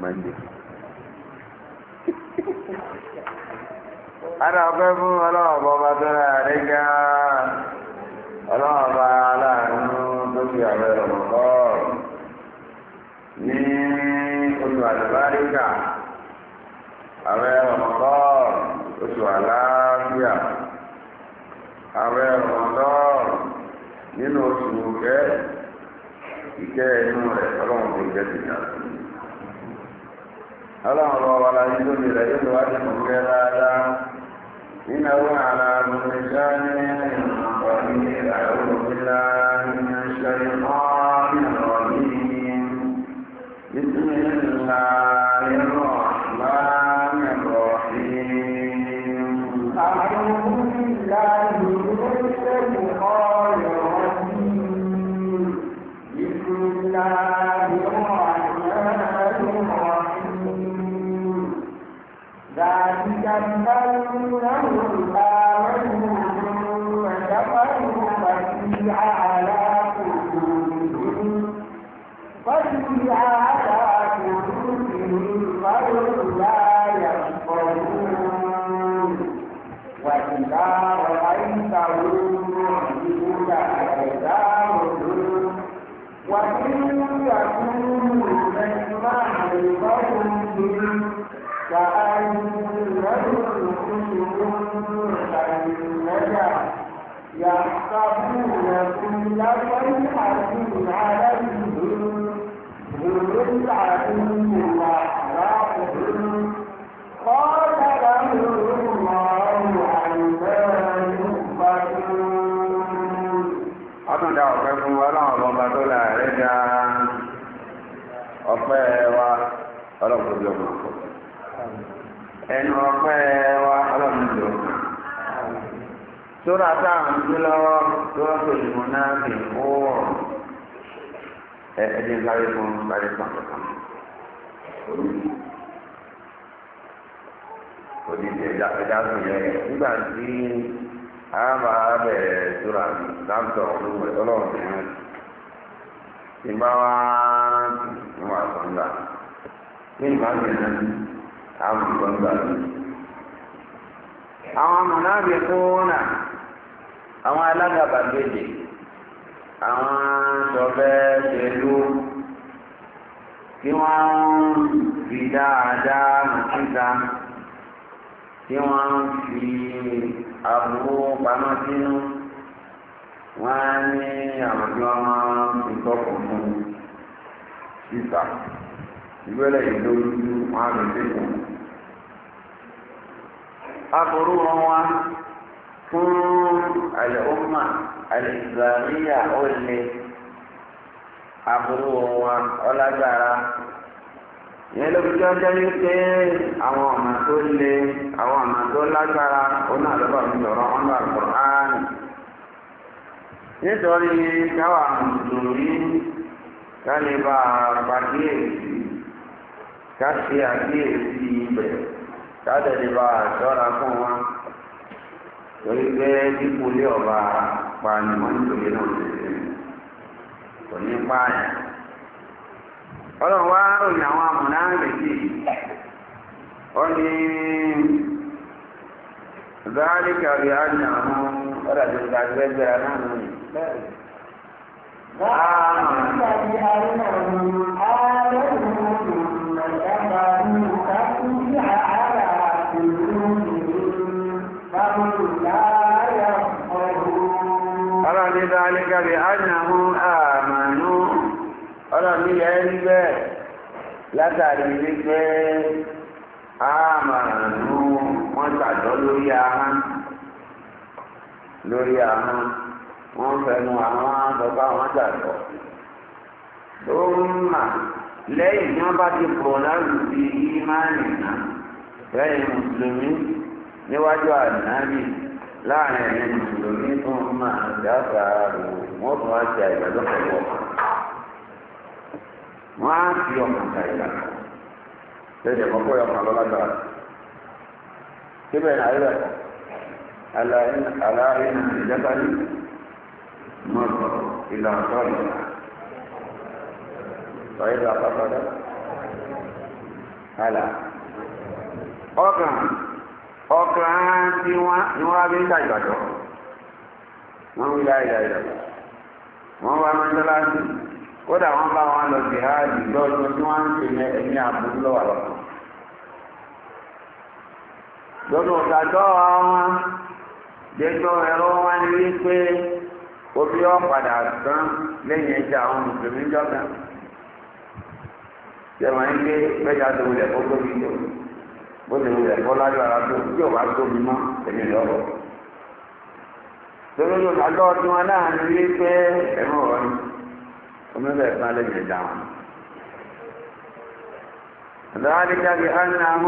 Monday ara ọpẹ́ fún ọlọ́ọ̀bọ ọba tó rà gá ọlọ́ọ̀bọ aláàánú tó fi àwẹ̀ ní oṣù àlùbáríkà àwẹ̀ rọ̀mọ̀kọ́ oṣù àlàáfíà àwẹ̀ rọ̀mọ̀kọ́ nínú oṣù ọlọ́run lọ wà láyé lórí rẹ̀ yóò wá ní ìmọ̀kẹ́ dáadáa nínú àwọn àlàmù ìṣáájú يحسبون كل شيء sóra tá à ń gbé lọ́wọ́ náà fi wọ́ ẹ ẹdí ń fún sáré fún àkọ́kọ́ òdìdí nígbà tí a bẹ̀rẹ̀ bá wá wà sọ́ńdà ní àwọn náà. àwọn alágàbàgebè àwọn sọfẹ́ ṣèlú tí wọ́n ń fi dáadáa síta tí wọ́n ń fi àbúrò pamọ́ sínú wọ́n ní àwùjọ ìtọ́kọ̀ fún síta ìwẹ́lẹ̀ ìdójú wọn lè fún àlùmà àlùgbàmíyà ó lè aburú wọn ọlágbára yẹn ló fi jọ jẹ́ wípé àwọn ọ̀nà tó le àwọn ọ̀nà tó lágbára òun náà mi lọ́rọ́ wọn àkùrán nítorí káwa mùsùlùmí a pàkíyèsí ká ṣe àkíyèsí ibẹ̀ ká tẹ̀lé bá a ṣọ́ra fún torí pé dípò ilé ọba pani wọn nítorí náà ti sè kò ní pààyàn ọlọ́run wá ròyìn àwọn amúná méjì ó ní ذلك بأنهم bí ánàmú àmànú ọlọ́run yẹ rí bẹ́ẹ̀ látàrí wípé àmànú wọ́n lórí lórí wọ́n àwọn àbọ̀bá ń mà lẹ́yìn wọ́n bá ti pọ̀ ìmánìyàn lẹ́yìn mùsùlùmí níwájú àdínábì. láàrin ẹ̀mí mùsùlùmí tó ń máa dábàá rò wọ́n tún wá ṣe àìgbàdo pẹ̀lú ọkàn wọ́n á fi ọkàn ta ìlànà lẹ́yìn ìkọ́kọ́ yọ ọkàn lọ́lágbà síbẹ̀ náà aláàrin ìjọba ní mọ́tò ìlànà sọ́ọ̀lì ọ̀yẹ́dà pápádà hàlà ọkàn. ọkàn tí wọ́n wá bí ń dàgbàdọ̀ wọ́n wí láìláìlá wọ́n wá mọ́ṣáláṣí kódà wọ́n bá wọn lọ sí háàjì lọ́dún tí wọ́n ń pè ní ẹ̀mí àbúrú lọ́wọ́ lọ́kàn lọ́dún ọ̀tàjọ́ wọn jẹ́jọ́ ẹ̀rọ wọn ni wípé ọ̀padà lẹ́yìn àwọn mùsùlùmí jọ́gà ń gbé bó lè wulẹ̀ bọ́ láyọ̀ ara tó tí ò bá tóbi mọ́ èmi lọ́wọ́. torí yóò máa lọ́ọ́ tí wọn náà ilé pé ẹ̀rọ ọ̀rọ̀ ni omi bẹ́ẹ̀ bá lè jẹ̀ dà wọn. ذلك بأنهم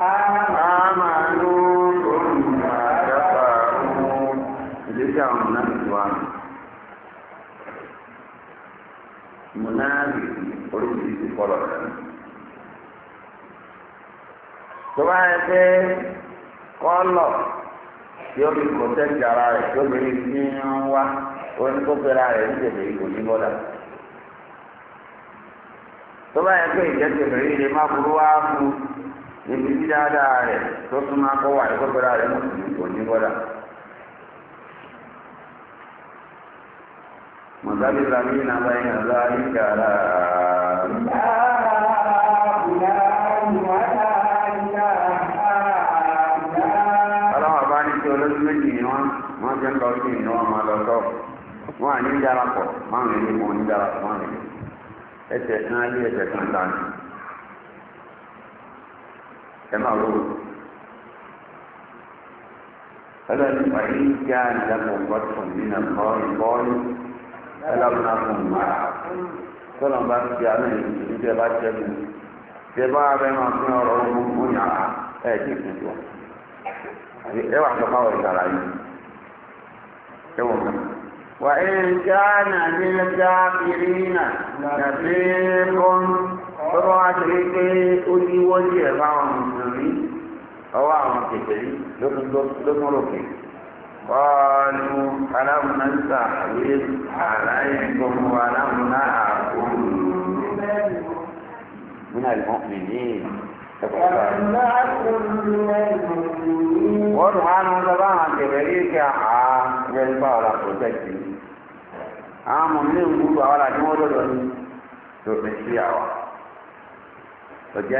آمنوا ثم كفروا ليس هم نفسهم منافق oríṣiríṣi kọlọ rẹ Tọba bá yẹ pé kọ́lọ̀ tí ó fi kò tẹ́tí ara rẹ̀ tó lè rí sí ń wá oníkópera rẹ̀ ní tètè kò ní bọ́dà. má burú wá ibi tí dáadáa rẹ̀ tó tún máa wà rẹ̀ mọ̀ kò ní bọ́dà. ń lọ sí ìná wọn máa lọ sọ wọn à ní darapọ̀ márùn ní wọn ní darapọ̀ márùn ní ẹsẹ̀ kan ayé ẹsẹ̀ kan dání ẹ máa wọ ẹlẹ́ni pàdé ìjà ìdàpọ̀ gbọ́dọ̀ nínú ẹ̀kọ́ ìbọ́ọ̀lù ẹlọ́mìnà fún mi tọ́lọ̀ bá ń fi àmì ìdíjẹ́ bá jẹ́ mi ṣe bá abẹ́ máa fi ọ̀rọ̀ ogun fún yàrá ẹ̀ kí n fi ẹ wà sọ fáwọn ìgbàlá ẹwọ̀n kan wà ń káànà nílẹ̀gá ìrìnà tàbí ọ́n tọ́rọ àti pé ó ní wọ́n jẹ́ ẹ̀bá àwọn mùsùlùmí ọwọ́ àwọn kèfèrí lókùnlókè قالوا ألم نستحوذ عليكم ولم نعقل من المؤمنين wọ́n ha ní ọjọ́ bá àwọn kẹfẹ́rí kí àá rẹ̀ bá ọ̀la pọ̀tẹ́kì àwọn ọmọ mi ní gbogbo àwọn àti wọ́n lọ́dọ̀ ní tó fi sí àwà ọjà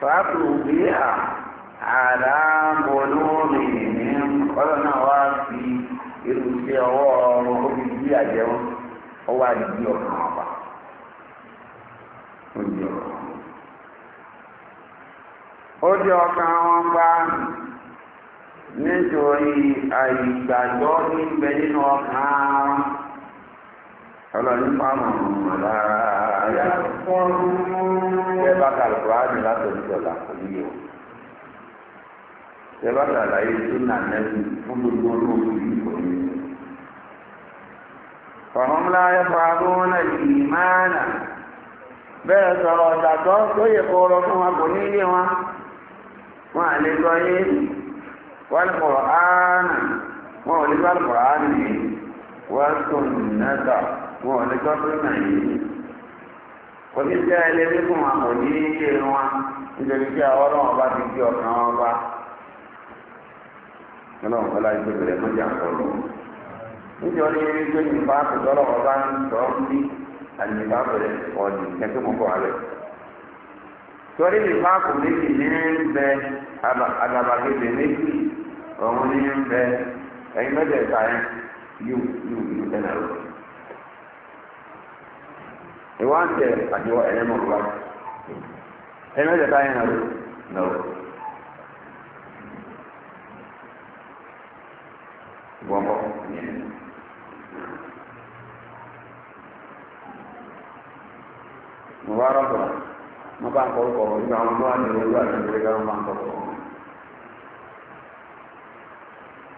fàákùrù bí à àlàmọ́lómi ní ọlọ́nà wá fi irú sí ọwọ́ ọrùn omi bí wọn bá nítorí àìgbàgbọ́ nínú ọlọ́run fáwọn ọmọ lára ayà ẹ bá ka alukurani látọ̀jú ọ̀la kò ní yẹ o ẹ bá ka àlàyé sunna nẹ́bí fún gbogbo olóòtú yìí kò ní yẹ. fọ̀rọ̀m láyé fàánù náà yìí máa nà bẹ́ẹ̀ sọ̀rọ̀ ọ̀dàtọ́ tó yẹ kóró fún wa kò ní yé wọn wọn à lè sọ yé wọn kọ̀ọ̀ áánà wọn ò ní bá kọ̀ọ̀ wọn ò lè gbọ́ pé nà oníṣẹ́ ẹlẹ́bí fún wa kò ní nítorí pé ọlọ́run ti di ọ̀kan wọn ọlọ́run bá láti gbẹ̀rẹ̀ mọ́jà kọlù nítorí pé nípa àtúntọ́lọ́ ọba ń sọ ń bí àyìnbá bẹ̀rẹ̀ ọ̀dì kẹ́kẹ́ mọ́kọ́ rẹ̀ torí kò méjì ní ń bẹ méjì ọ̀hún ní ń bẹ ẹ̀yin yẹn yóò yóò yóò tẹ̀lé ọ̀rọ̀. ìwọ ń tẹ àti ìwọ ẹlẹmọ ọgbà ẹmẹ tẹ táyé náà lọ. ìwọ bọ yẹn. mo bá rọ sọ̀rọ̀ mo bá ń kọ orúkọ ìgbà àwọn ọmọ àti ìwé ìwé àti ìwé ìgbà wọn bá ń kọ orúkọ.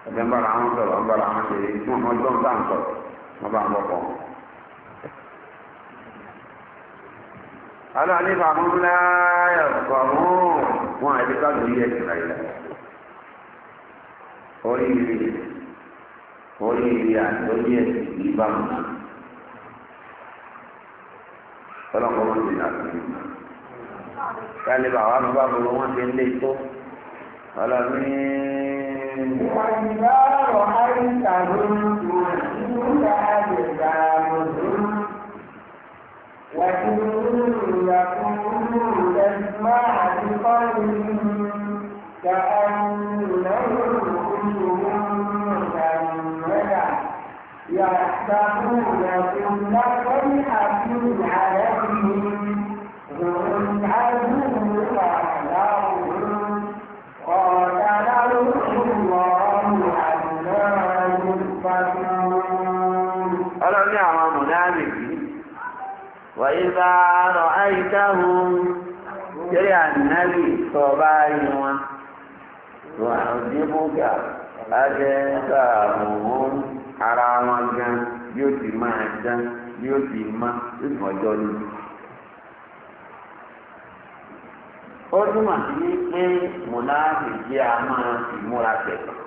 ẹgbẹ́ ń bára àwọn sọ̀rọ̀ ń bára àwọn ṣe é tí wọ́n mọ ọjọ́ ń tà ń sọ̀rọ̀ wọ́n bá ń bọ̀ pọ̀. aláàní fàmú láyà fàmú wọn àti káàdù yẹ ìtura ìlà oríire oríire àtọ́jú ẹ̀ ìbámu ọlọ́kọ̀ wọn ti nàá sí kálíbà wà ló bá bolo wọn ti lé tó ọlọ́mí. ìwà ìgbà ọ̀rọ̀ dáhùn jẹ́rẹ́ ànábì tó bá rí wọn wọn àdébùgà ajẹ́ta òun ara wọn gan yóò ti máa dán yóò ti má yóò ti ní. ó sí ní pé jẹ́ a máa fi múra tẹ̀sán.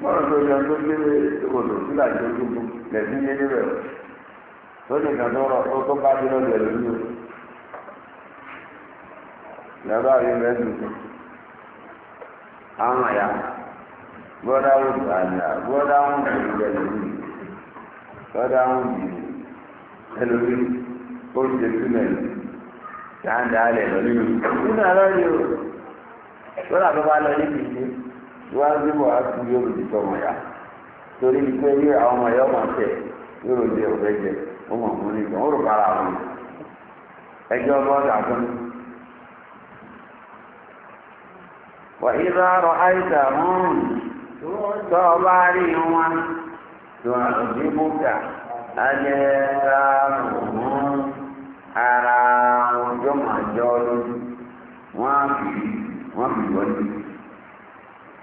wọ́n rọ̀ gbé odò lẹ́sìn yé níbẹ̀ lórí ìdánwò tó tó bá dé lọ́dọ̀ lórí o yàrá yìí rẹ̀ dùn àwọn àyà gbọ́dá wù àyà gbọ́dá wù ìlú ẹlòmí gbọ́dá wù ìlú ẹlòmí ó ń jẹ túnẹ̀ dáńdá alẹ̀ lọ́lẹ́ o nínú àlọ́ yìí o lọ́dà tó bá lọ ní kìkì wájú bọ̀ á fi yóò lòdì sọmọ yá torí pé yóò àwọn ọmọ yóò máa tẹ̀ yóò ó mọ̀ mú ní ìgbọ̀n ó rò para àwọn ẹjọ́ bọ́ọ̀dà tó ní. wà ìlú àrọ̀ àìsà mọ́rùn tó o bá rí wọn tó àlùbí bùkà ajẹ́ sáàmù mọ́ ara wọn yóò máa jọ lójú wọn fi wọn fi wọ́n lójú.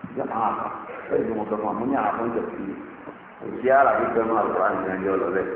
ìjọba àwọn àpá ẹ̀rọ ìgbìmọ̀ kẹfà mú ní àpá sí i. òṣìṣẹ́ àlàbí fẹ́ máa lọ àìsàn ẹjọ́ lọ bẹ́ẹ̀.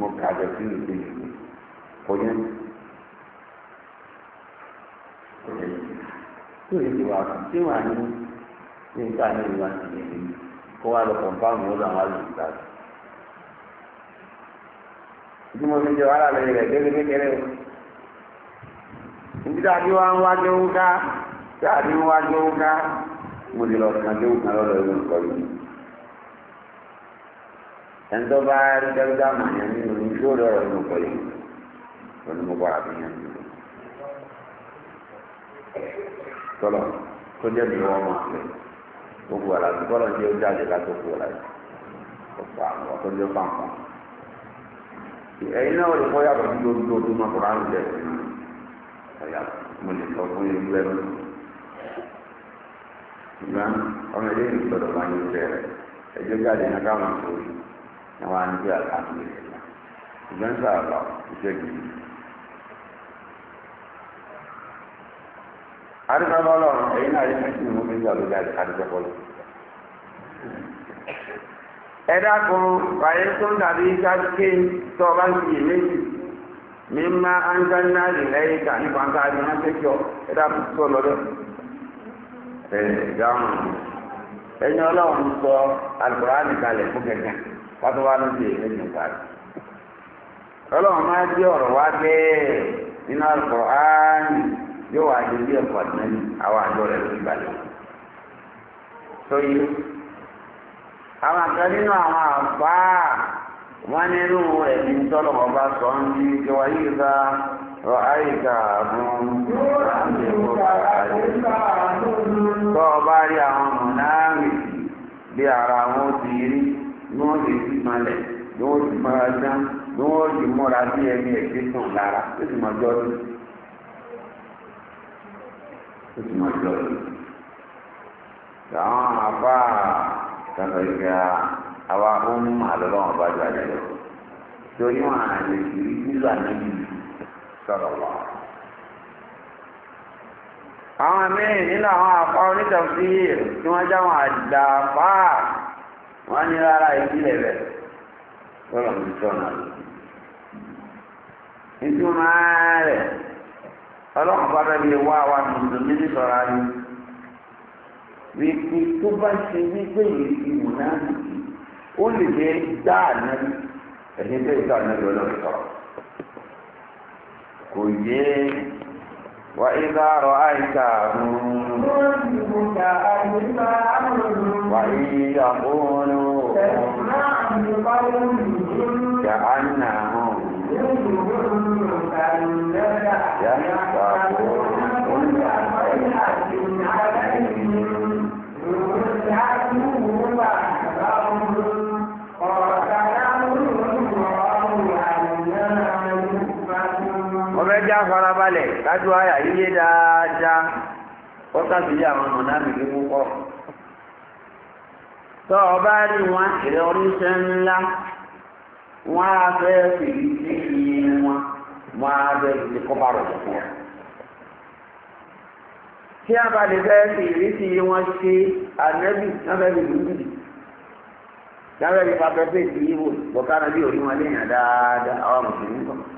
mo kàjọ sí ìgbé yìí kò yẹ kò yẹ tí o yẹ ti wà tí wà ní ní nípa ní ìwà ti yẹ ní kó wà lọ kọ̀ǹpáàmù lọ́dọ̀ àwọn àlùkùtà rẹ̀. bí mo ẹnitọ́ bá rí dáadáa mà yẹn nínú ní yóò lọ́rọ̀ nínú kọ́ yìí lọ́nà mo bá àbí yẹn nínú. tọ́lọ̀ tó jẹ́ mi wọ́n máa fẹ́ gbogbo àlà tó kọ́lọ̀ jẹ́ ojú àjẹ́ ká tó kú ọ̀la yìí ọ̀pọ̀ àwọn ọ̀tọ́ jẹ́ pàǹpà. ẹ̀yin náà wọ́n lè kọ́ yàtọ̀ sí lójú tó máa kọ́ láwùjọ jẹ́ ọ̀yà mo lè sọ fún yín lẹ́nu. ìgbà ọmọ ilé ìgbọ̀dọ̀ máa àwọn àníjẹ́ alhamdulillah ìgbẹ́ ń sàrọ̀ iṣẹ́ gidi. àdìgbà bọ́lọ̀ ẹ̀yin náà yẹn fẹ́ẹ́ mú mi ń yàrá lórí àdìgbà bọ́lọ̀. ẹ dákun wàyé tó ń dàbí káké tó o bá ń fi méjì mímá ángáná ìlẹ́yìn kà nípa ń ká àdìgbà ń tẹ́kí ọ ẹ dákun tó lọ́dọ̀. ẹ dáhùn ẹ̀yin ọlọ́run sọ àlùkò ránì kalẹ̀ fún kẹ̀kẹ́. wọ́n wá ló ṣe ìlú ìgbà rẹ̀. ọlọ́run máa jẹ́ ọ̀rọ̀ wá bẹ́ẹ̀ nínú àlùkò áánì yóò wá di bí ẹ̀kọ́ àtìmẹ́lì àwọn àjọ rẹ̀ ló ti balẹ̀. sọyí àwọn àkàn nínú àwọn àbá wọn nínú ẹ̀mí tọ́lọ̀ ọba sọ ń bí kí wọ́n ká rọ àyíká àbùn ni wọ́n lè fi malẹ̀ ni wọ́n ti máa dán ni wọ́n ti mọ́ra bí ẹni ẹ̀gbẹ́ sàn lára ó sì máa jọ́ sí ó sì máa jọ́ sí. Àwọn àbá kàtà ìgbà àwa ó ń mú àlọ́lọ́wọ́n bá jọ àjẹjọ́. Torí wọn à lè fi nílò ànábì sọ̀rọ̀ wá. Àwọn mí nínú àwọn àfa onítàfíì tí wọ́n jáwọn àdàfáà wọ́n á ní rárá ìdílé rẹ̀ lọ́rọ̀ mi sọ̀nà lójú. ìtumọ̀ rẹ̀ ọlọ́run bá bẹ́ẹ̀ lè wá wa mùsùlùmí ní sọ̀rọ̀ ayé. wípé tó bá ṣe wípé ìrètí wò náà nìyí ó lè jẹ́ dáa náà ẹ̀yìn tó ìtọ́ àná lọ́lọ́ sọ̀rọ̀ kò yẹ وإذا رأيتهم وإن يقولوا كأنهم farabalẹ̀ kájú àyà yíyé dáadáa ó sábìlì àwọn ọ̀nà àmìlí púpọ̀ tọ́ ọ bá rí wọn ìrẹ oníṣẹ́ ńlá wọn á fẹ́ fìdí sí iye wọn wọn á fẹ́ wọn. tí a bá lè fẹ́ fi wọn ṣe ànẹ́bì sí ìwò bọ̀kánà bí wọn léèyàn dáadáa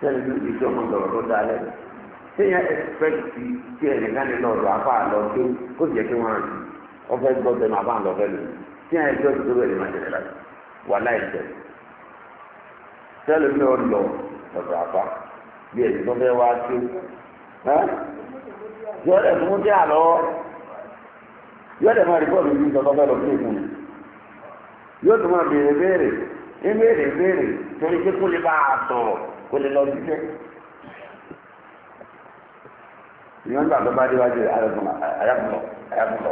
sẹ́ni tó ti sọ́mọ sọ̀rọ̀ tó dá lẹ́nu sẹ́yìn ẹ̀fẹ́kì tí ẹ̀rẹ̀ ká nínú ọ̀dọ̀ apá tó kó sì kí wọ́n rántí ọ̀fẹ́ gbọ́ bẹ́ẹ̀ máa bá ń lọ fẹ́ lò sẹ́yìn ẹ̀jọ́ tó bẹ̀rẹ̀ máa tẹ̀lé láti wà láìpẹ́ sẹ́ni tó lọ ọ̀dọ̀ apá bí ẹ̀sìn tó fẹ́ wá tó yọ̀ọ́dẹ̀ fún tí àlọ́ yọ̀ọ́dẹ̀ máa rí bọ́ọ̀lù yìí tọ́tọ́ fẹ́ lọ sí ìkùn yóò tún máa béèrè béèrè kó lọ síṣẹ́ ìyọ́n gbà tó bá déwájú ayábùlọ ayábùlọ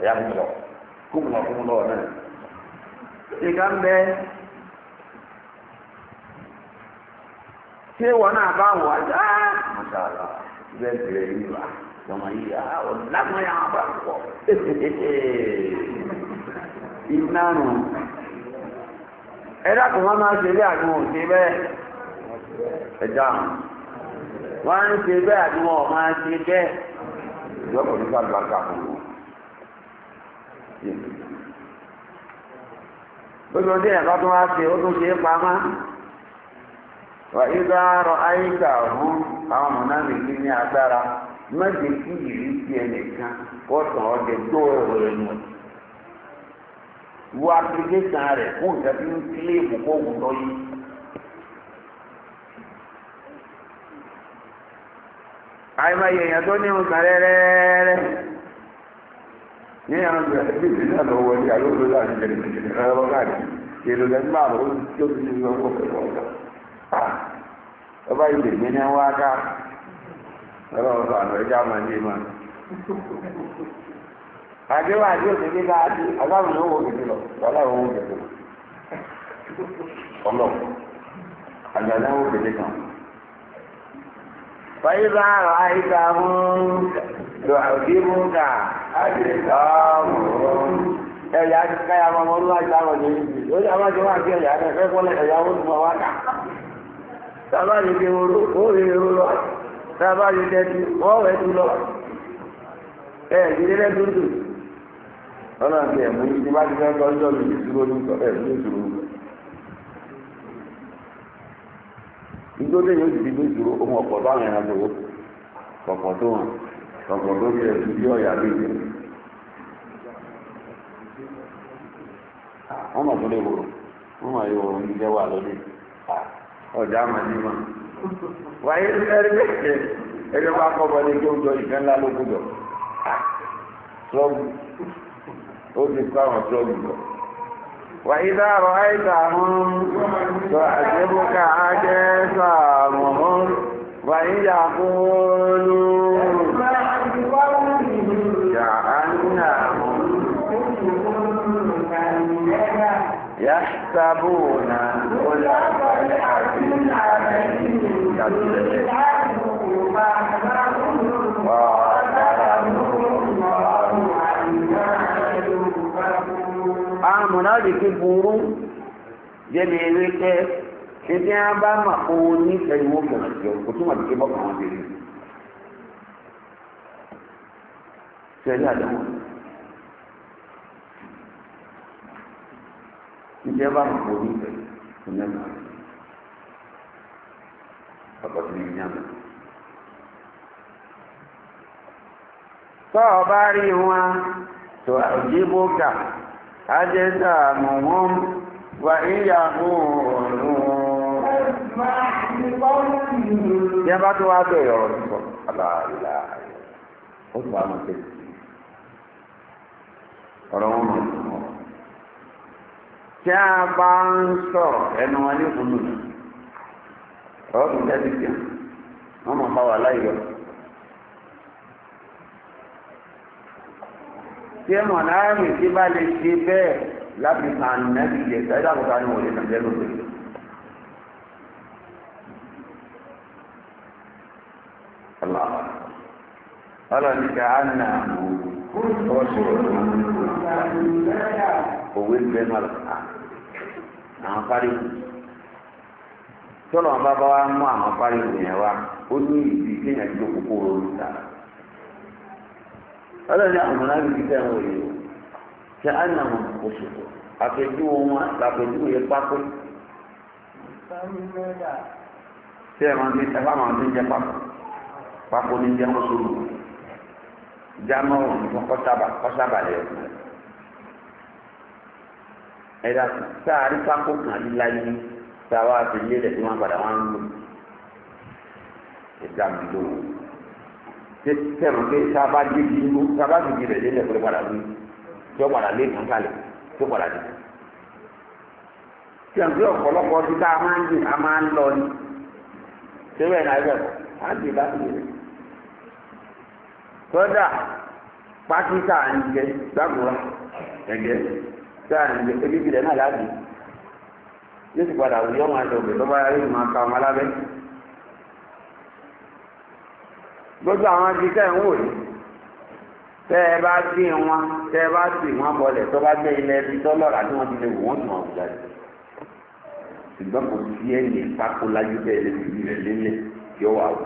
ayábùlọ kúmùlọ kúmùlọ náà ìgbà ń bẹ ṣé wọn náà bá wọ ajá mọṣálá bẹ́ẹ̀ bẹ̀rẹ̀ yìí wá yà wọn bá ẹ dákun wọn máa ṣe ilé bẹ́ẹ̀. ẹja àwọn wọn ń ṣe bẹ́ẹ̀ àti wọn ò máa ṣe bẹ́ẹ̀ ìjọba òní sábà ká fún wọn. gbogbo ọdún ẹ̀ka tó wá ṣe ó tún ṣe é pamá wà ìgbà àyíká ọ̀hún àwọn ọmọ náà lè ní agbára má kí ìrírí ti kó tàn ọ́ jẹ tó ẹ̀rọ rẹ̀ fún àìmọ̀ èèyàn tó ní ọ̀sán rẹ́rẹ́rẹ́ ní àwọn ìgbẹ̀rẹ̀ bí ìdí náà lọ́wọ́ ní àlóòrò láti lọ lọ kan. فإذا رأيتهم يعذبك أجسامهم ẹ̀yà akẹ́kẹ́ ya máa mọ́lá ìdáwọ̀ ní ibi ó ní àwọn àjọ wá sí ẹ̀yà akẹ́kẹ́ kọ́lẹ̀ ẹ̀yà ya ti mọ̀ wá kà sábà yìí ti wúro nítorí yóò dìde bí ìdúró ohun ọ̀pọ̀ báwọn ẹran tó pọ̀pọ̀ tó hàn pọ̀pọ̀ tó fi ẹ̀sùn bí ọ̀yà bí ìjẹ́ wọ́n mọ̀ tó lè wòrò wọ́n mọ̀ yóò wòrò ní jẹ́wà lónìí ọjà máa ní mọ̀ wáyé lẹ́rìí ẹgbẹ́ bá kọ́ bọ́ ní kí ìfẹ́ ńlá ló gbúdọ̀ ó ti kọ́ àwọn tó gbúdọ̀. وإذا رأيتهم تعجبك أجسامهم وإن يقولوا كأنهم يحسبون خلق الحكيم mọ̀nàdìkì burú jẹ́bi ewé tẹ́ ṣe tí wọ́n bá mà kó wọn ní ìfẹ̀yìnwó kẹ̀mọ̀ sí ọ kò túmọ̀ dìkì bọ́kà wọn bèrè. Sẹ́yìn àdáwọ̀ ìjẹ́ bá mà kó ní ìfẹ̀yìn kò ní ẹ̀mọ̀ ọ̀pọ̀ sí ní ìyàmẹ̀. Tọ́ ọ bá rí wọn tó àjíbó kà. أجسامهم ويقولون يا بعد وعد يا رب لا إله إلا الله ọ̀rọ̀wọ́n tí a bá ń sọ̀rọ̀ ẹnu wa ní ìfúnnù ọ̀rọ̀ tó jẹ́ bí kí wọ́n mọ̀ bá wà láyé tí ẹmọ láàrin tí bá lè ṣe bẹ́ẹ̀ láti kan nẹ́bí jẹ sẹ́dá àkọ́kọ́ ni wọ́n lè tàn lẹ́nu òwe gbẹ́nu àlùkà àwọn pariwo tọ́lọ̀ bá bá wa mú àwọn pariwo yẹn wa ó ní ìdí o sára. ọlọ́ni àwọn mọ̀lábí ti tẹ́ wọn yìí ṣe á nà wọn òṣùpọ̀ àpèjú wọn làpèjú yẹn pápẹ́. ṣé ẹ máa ń ẹ bá máa ń jẹ pápọ̀ pápọ̀ ní jẹ́ mọ́sọ́rù jámọ́ òun kọ́sábà lẹ̀ ẹ̀dá sáàrí sẹ́nu pé sábà dìbì inú sábà dìbì rẹ̀ lélẹ̀ pé padà wí tí ó padà lé nǹkan tí ó padà dìbì. tí ọ̀pọ̀lọpọ̀ ọdún tá a máa ń dìn a máa ń lọ ni síbẹ̀ náà ẹgbẹ́ á dì bá dì rẹ̀. kódà pátí tá ń jẹ gbàgbọ́ra ẹ̀gẹ́ tá ń jẹ ebi bìrẹ̀ náà láti yóò sì padà wí ọmọ àti òbí lọ́ba ayé máa ka ọmọ alábẹ́ gbogbo àwọn ibi tẹ́ ń wò yìí tẹ́ ẹ bá gbé wọn tẹ́ ẹ bá sì wọn bọlẹ̀ tó bá gbé ilẹ̀ ibi tó lọ́ra tí wọ́n ti lè wò wọ́n tún àwọn ọ̀gá yìí ṣùgbọ́n kò sí ẹ̀yìn ìpákó lájú bẹ́ẹ̀ lè fi rẹ̀ lélẹ̀ tí wà wò.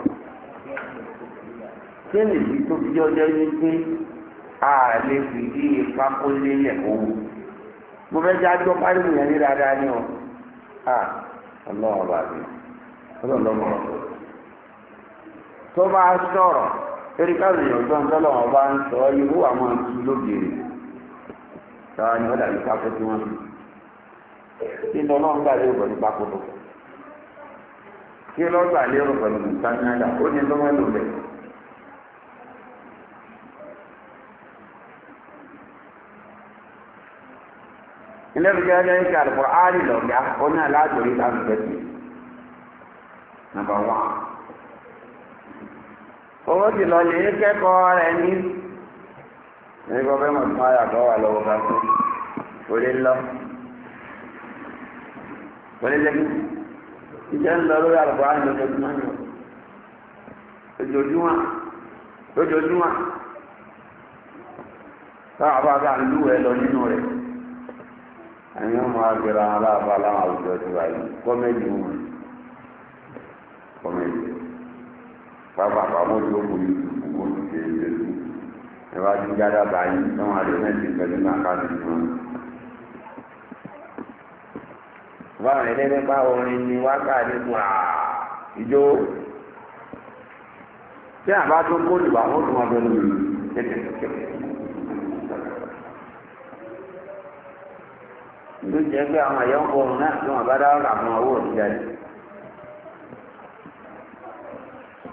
kí ni ìdí tó fi jọ́jọ́ yín pé a lè fi rí ìpákó lélẹ̀ kó mo fẹ́ já gbọ́ pariwo yẹn ní dáadáa ní ọ. Ah, ọlọ́run bàbá ọlọ́run lọ́mọ ọ̀rọ̀ tó bá torí bá ń sọ irú àwọn àti lóbìnrin tọ́wọ́ ni ó dàbí pákó tí wọ́n fi kí ọlọ́run gbà lérò pẹ̀lú pákó kí ndọrọ gbà lérò pẹ̀lú ndọrọ ó ní lọ́wọ́ ndọrọ ndọrọ ilé ndọrọ ẹgbẹ́ áàrì ó ní láti owó ti lọ lè kẹ́kọ̀ọ́ rẹ̀ ní nígbà bẹ́ẹ̀ mọ̀ tún ayà tó wà lọ́wọ́ ká tó kò lè lọ kò lè lẹ́kí iṣẹ́ ń lọ lórí àlùkò àyìn lójoojúmọ́ ni ojoojúmọ́ lójoojúmọ́ táwọn bá bá ń lú ẹ lọ nínú rẹ̀ ẹ̀yin ọmọ agbèrè àwọn aláàbá láwọn àwùjọ ti wáyé kọ́mẹ́jì wọn kọ́mẹ́jì bàbá bàbá tó kù ní ìgbòho ti ṣe é ṣe sí ẹ̀rọ ti jáde báyìí táwọn àdéhùn pẹ̀lú náà ká ti fún un. báwọn ẹlẹ́gbẹ́ bá orin ni wákàtí wà ìjó tí àbá tó kó ìgbà wọn tó máa bẹ̀rù mi ló jẹ́ pé àwọn ẹ̀yọ́ ń bọ̀ náà tí wọ́n bá dáwọ́ làwọn owó òṣìṣẹ́ yìí.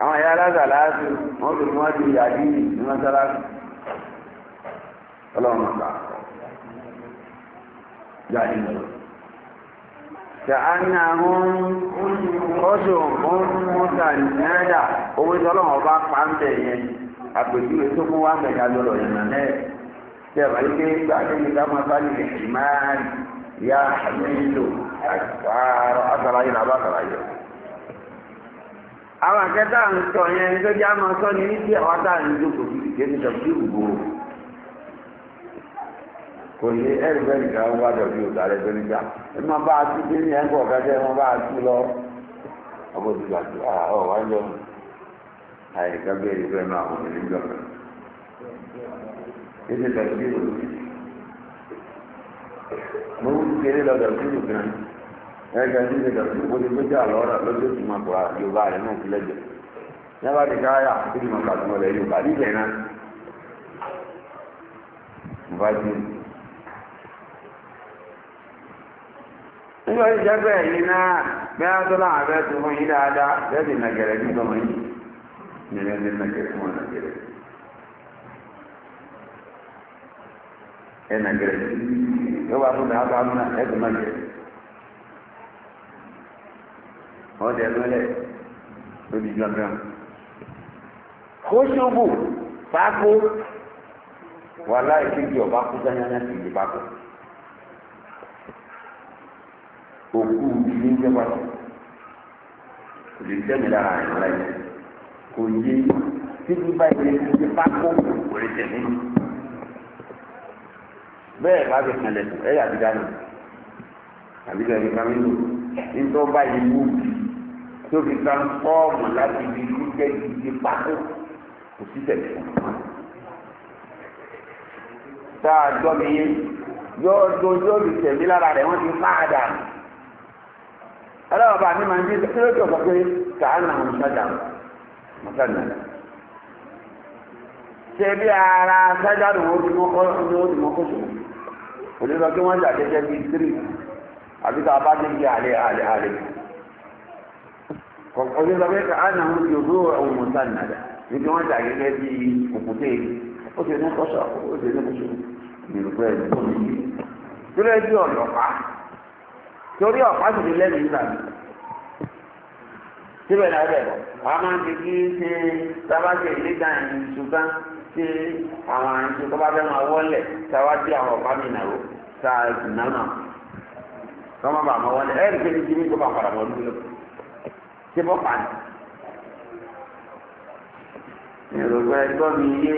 àwọn ẹ̀yà alága láàájú wọ́n tó ní wọ́n ti yà ní ọlọ́run ọ̀gá mọ́ta ọba pa ń bẹ̀ yẹn àpèjúwe tó mú wá náà a àwọn akẹ́tà ń sọ yẹn tó jẹ́ sọ ní ní tí àwọn tá ń jókòó sí ìdíje ní dọ̀bí ògbó kò ní ẹ̀rí bẹ́ẹ̀ nìkan wọ́n bá dọ̀bí ògbó alẹ́ tó níjà ẹ má bá a ti ní bá a ti ah, lọ máa wọ̀ ní ẹgbẹ́ ní ìgbà tó mo ti gbéjà lọ́rọ̀ lọ́jọ́ tí mo kura yorùbá rẹ̀ náà fi lẹ́jọ́ yàrá ti ká yà kí ni mo kà tó mo lẹ yorùbá níbẹ̀ náà mo bá dé. nígbà tí ìjẹ́pẹ́ yìí náà bí wọ́n tó láwọn abẹ́ tó fún yín dáadáa bẹ́ẹ̀ ti nàgẹ̀rẹ̀ nígbà mọ́ yìí nílẹ̀ ní nàgẹ̀rẹ̀ fún wọn nàgẹ̀rẹ̀. ẹ nàgẹ̀rẹ̀ yóò wá fún mi á bá mú náà ẹ tó nàgẹ̀rẹ̀. ọdẹ mẹlẹ lórí gbọngàn kóṣùbù pákó wà láì kébi ọba kú sanyanya sì di pákó òkú ìlú ń jẹba lọ kò lè tẹ́mi lára àyàn láì kò yé títí báyìí lè ti pákó kò lè tẹ̀mí bẹ́ẹ̀ bá fi kan lẹ̀kùn ẹ̀yà àbídá nù àbídá ẹ̀mí kan nínú nítorí báyìí wú bìí. tó fi transfọ́ọ̀mù láti ibi gbígbẹ́ gidi pàtó kò sí tẹ̀lé fún un. tá a jọ mi yé yóò dojú olùtẹ̀mí lára rẹ̀ wọ́n ti fáadà. ọlọ́wọ́ bá mi máa ń bí kí ló jọ sọ pé nà ṣé bí ara sájà ló wọ́n ti mọ́ kọ́ wọ́n ti mọ́ kóso òní lọ kọ̀ọ̀kan sọ ń nàdà wọ́n gẹ́gẹ́ bí òkúté ìrùkọ́ ẹ̀ tó ní bí torí ọ̀pá sì ní lẹ́nu mi síbẹ̀ náà bẹ̀ a máa ń fi ṣe sábàṣe ìlẹ́gà ìṣùgbọ́n ṣe àwọn ìṣù tó bá fẹ́ máa wọlé sáwájú àwọn ọ̀pá mi nàró sáà ìṣùnà náà tọ́mọ́ bàmọ́ wọlé ẹ̀rí pé ṣé bọ́ pa ni. ìrògbà ẹgbọ́n mi yé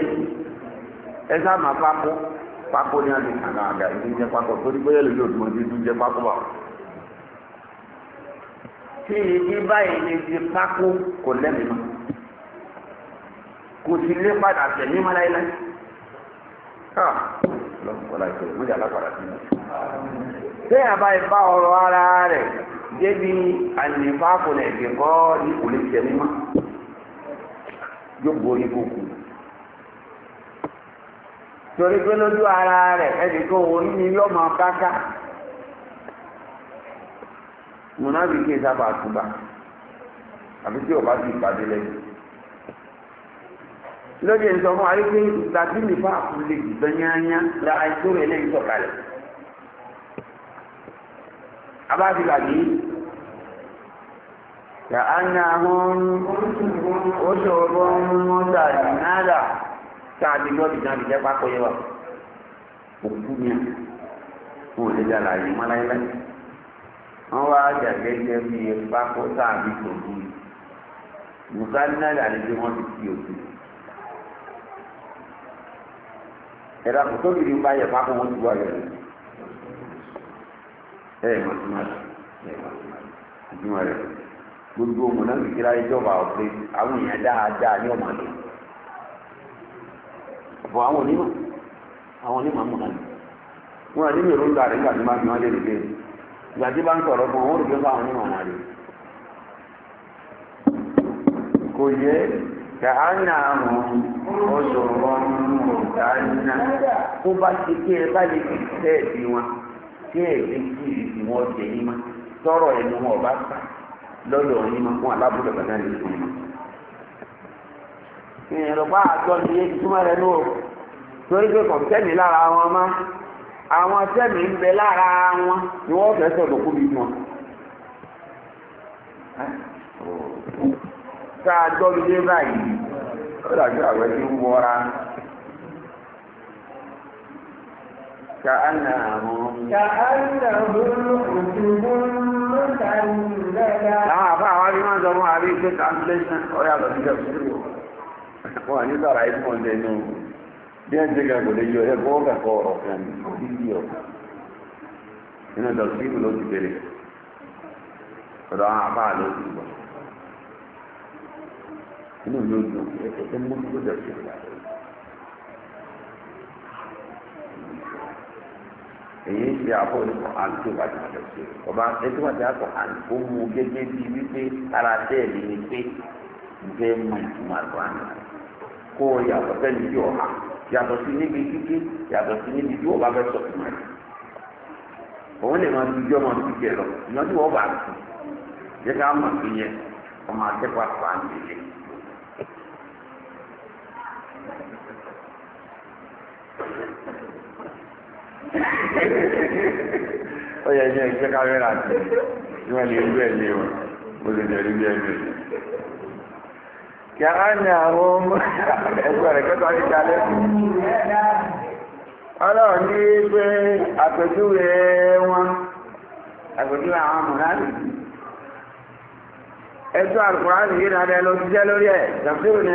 ẹ sáà máa pákó pákó ní àti àgbà àgbà ìdí jẹ pákó torí bóyá lè lòdì mọ́ ìdí jẹ pákó bá. tí ìdí báyìí lè di pákó kò lẹ́mìí mọ́ kò sì lé padà tẹ̀mí mọ́ láéláé. lọ́kùnkọ́lá ìṣòro mọ́jà lápàdà sí mi. bẹ́ẹ̀ àbá ìbá ọ̀rọ̀ ara rẹ̀. débi ànífàkù nàìjíríà kọ́ ní kò lè jẹ mímọ́ yóò borí gbogbo torí pé lójú ara rẹ̀ ẹnì kan òun ní yóò máa káká múnábì kí sábà túbà àbí tí ọba ti pàdé lẹ́yìn lójú ìsọfún àríkè ìgbà tí nìfàkù lè gbẹ̀yányá ra àìsóró eléyìí sọ̀kalẹ̀. abáfi làbí yà á ní àwọn oṣòro mọ́tà náírà tààdì lọ́dì náà lè pápọ̀ yẹwà òkú ni wọn ò lè dà láàyè mọ́ láíláí wọ́n wá jàgẹ́gẹ́ bí pápọ̀ tààdì tòbí nùkálí náírà lè gbé wọn ti fi òkú ẹ̀rọ àkókò ń bá yẹ pápọ̀ wọn ti wà lẹ́yìn. ẹ̀ẹ̀mọ̀tìmọ̀ rẹ̀ gbogbo mọ̀nà kìkìrà ìjọba ọ̀pẹ àwọn èèyàn dáadáa ní ọmọ rẹ̀ ọ̀pọ̀ àwọn onímọ̀ àwọn onímọ̀ mọ̀nà rẹ̀ wọn àti mèrò ń lọ àrẹ gbàdúrà ní lè rí bẹ́ẹ̀ bá ń sọ̀rọ̀ fún wọn bá kí èdè kú yìí fi jẹ tọrọ ẹnu wọn ọba sà lọ́dọ̀ fún alábùdó bàtà lè fún ìrìnàlọ́pàá àjọ ni yé túmọ̀ rẹ̀ nù torí pé lára wọn má àwọn ń bẹ lára wọn ni wọ́n fẹ́ sọ̀dọ̀ kú bíi wọn. tá a mi dé báyìí ó dàbí àwọn ẹni كأنهم كأنهم كتب مسندة àwọn àbá ní sọ̀rọ̀ àìsí ṣe inú bí èyí si àbọ̀ ní kọ̀hán tó bá si sí ọba ẹtí wọn ti ó mú gẹ́gẹ́ bí wípé ara pé ìtumọ̀ àgbà kó o yàtọ̀ sẹ́ni bí ọ̀hà yàtọ̀ sí níbi kíké yàtọ̀ sí níbi tí wọ́n bá fẹ́ sọ fún ẹ̀ òun lè máa fi ijó máa fi jẹ ó yẹ kí ẹ kámẹ́rà tì wọ́n lè rú ẹ̀mí o mo lè lè rú ẹ̀mí kí á ní àwọn ọmọ ẹgbẹ́ rẹ̀ kẹ́tọ́ ní ìdálẹ́ ní pé wọn àwọn ẹjọ́ jẹ́ lórí ẹ̀ tàbí òní ẹ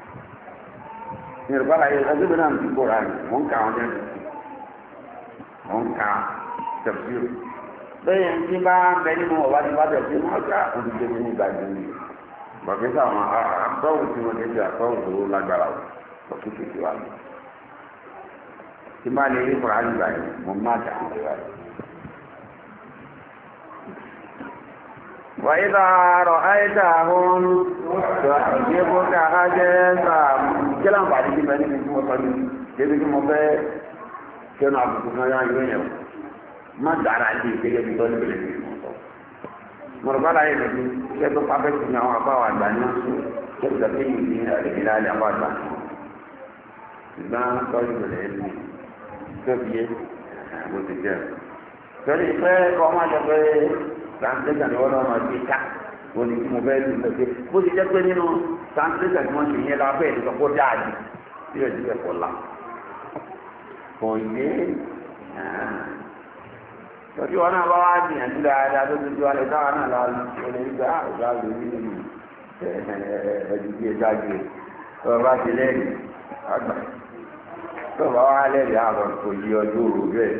Yorùbá la yẹ ẹgbẹ́ náà ti bọ̀ra ni mò ń ka àwọn jẹ́ mò ń ka tẹ̀sí o. Bẹ́ẹ̀ ní bá ń bẹ nínú ọ̀bá ti bá tẹ̀sí mọ́ ọ̀gá olùdíje mi nígbà jù mí. Bàbá sá àwọn àtọ́wò tí wọ́n tẹ̀sí àtọ́wò tó lágbára o lọ sí kékeré wa. Tí bá lè rí Kùránì báyìí, mo má dà á lè wáyé. وإذا رأيتهم تعجبك أجسام كلام بعد كده بني من كم صلي كده كم في كانوا عبد الكفار يعني وين ما دار عندي كده بيقول بلي مربى لا يمكن كده طابت من هو أبا وعبان كده في من الهلال أبا وعبان ما طالب العلم كده يجي وتجاه فلي فاق وما جبت translation ni wọ́n náà máa gbé ká wọ́n ní tí mo fẹ́ lù lọ́sẹ̀ bó ti jẹ́ pé nínú translation ni wọ́n ṣe yẹn lábẹ́ ẹ̀ lọ́kọ́ dáàdì síbẹ̀ síbẹ̀ kọ́ la kò tọ́jú wọn náà bá wá gbìyànjú dáadáa tó tuntun alẹ́ táwọn náà lọ́ọ́ lè rí gbà ah, ọ̀gá lè rí ẹ̀ẹ́dùn bí ẹ dájú tọ́wọ́ bá ti lẹ́rìí àgbà tọ́wọ́ bá wá lẹ́rìí àbọ̀ kò yí ọjọ́ òru bẹ́ẹ̀.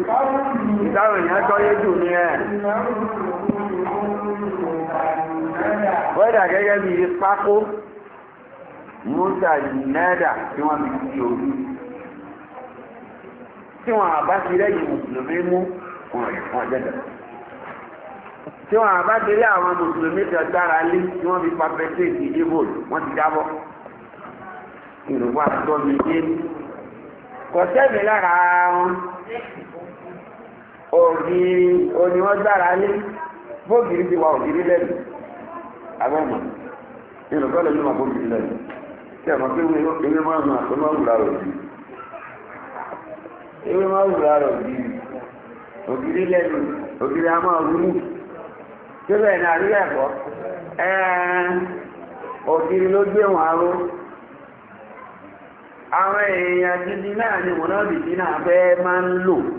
ìdáhùn èèyàn tọ́ yé jù ní ẹ̀ wọ́dà gẹ́gẹ́ bí pákó mọ́tà nẹ́ẹ̀dà tí wọ́n fi sí orí tí wọ́n àbá ti rẹ́yìn mùsùlùmí mú wọn rẹ̀ fún ọjọ́dọ̀ tí wọ́n àbá ti rí àwọn mùsùlùmí tó dára lé tí wọ́n fi pàpẹ́tẹ́ ìdíje bòlù wọ́n ti jábọ́ ìrùbá tó lára wọn. ògiri òní wọ́n gbára lé bóògiri ti wa ògiri lẹ́nu ma bóògiri lẹ́nu tí a máa pé ewé máa hàn tó máa wùlá ewé máa wùlá ògiri ògiri a máa mú tí bẹ́ẹ̀ ẹ̀kọ́ ògiri ló gbé wọn àwọn èèyàn náà ni wọn náà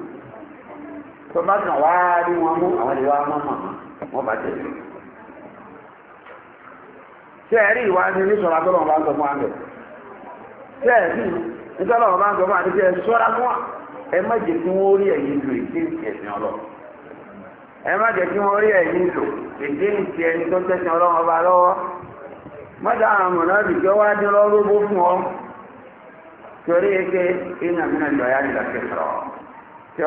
tó bá kàn wá rí wọn mú àwọn ìwà mọ́mọ́ wọn bá tẹ̀lé tí ẹ rí ìwà ní sọ̀rọ̀ àtọ́lọ̀ bá ń sọ fún àgbẹ̀ rí ń sọ fún àti fún ẹ má kí wọ́n rí ẹ̀yìn lò ẹ̀sìn ọlọ́ ẹ má kí wọ́n rí ẹ̀yìn lò ẹni tó ọ torí yá kí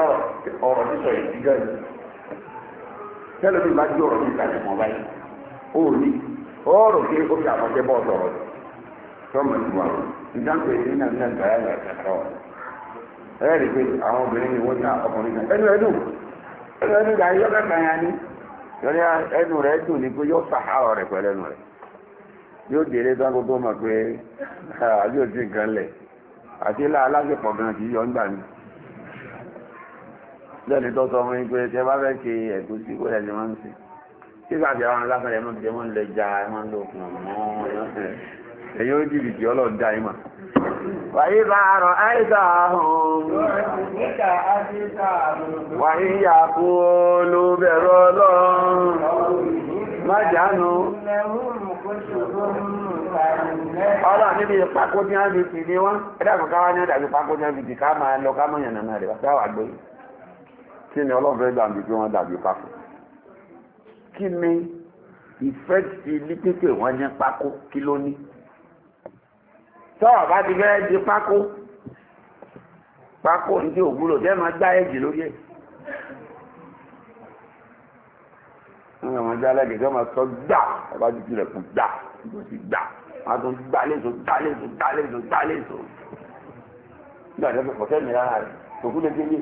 ọ̀rọ̀ sísọ yìí ti gbẹ tẹ́lẹ̀ mi bá gbé ọ̀rọ̀ mi kalẹ̀ mọ báyìí ó rí ọ̀rọ̀ kí ó fi àkọsẹ bọ sọ̀rọ̀ sọmọ ìwà ìdáǹkọ èyí náà ní àgbà yàrá ìkàkọ ni ní ọkùnrin náà ẹnu ẹnu yọ kẹta yẹn ni ẹnu rẹ dùn pé yóò rẹ rẹ yóò délé lẹ́ni tó sọ fún ipe tí bá fẹ́ ṣe ẹ̀gúsí kó lẹ́ni máa ń ṣe tí kàbí àwọn aláfẹ́ ẹ̀ máa ń lẹ ja ẹ máa ń lo òkun ọ̀mọ́ ẹ̀yìn ó jìbìtì ọlọ́ọ̀ da ẹ̀ mà. wàyí bá a rọ àìsà ọ̀hún. wàyí yà kú ọlọ́run. má jánu. ọlọ́run níbi ìpàkó tí wọ́n fi ní wọ́n. ẹ dàgbọ́n káwá ní ọ̀dàbí ìpàkó tí wọ́n fi ká máa lọ ká mọ̀ yànnà náà rẹ̀ wá sí àwọn kí ni ọlọ́run fẹ́ gbà ń bí pé wọ́n dàbí pákó kí ni ìfẹ́ ti ní pípé wọ́n ní pákó kí ló ní tọ́wọ́ bá ti fẹ́ di pákó pákó ní tí òwúlò tẹ́ máa gbá ẹ̀jì lórí ẹ̀ wọ́n máa gbá ẹ̀jì tó máa sọ gbà ọba ti tilẹ̀ kù gbà tó ti gbà wọ́n tún gbá léso gbá léso gbá léso gbá léso nígbà tó fi pọ̀ sẹ́mi rárá rẹ̀ tòkú lè délé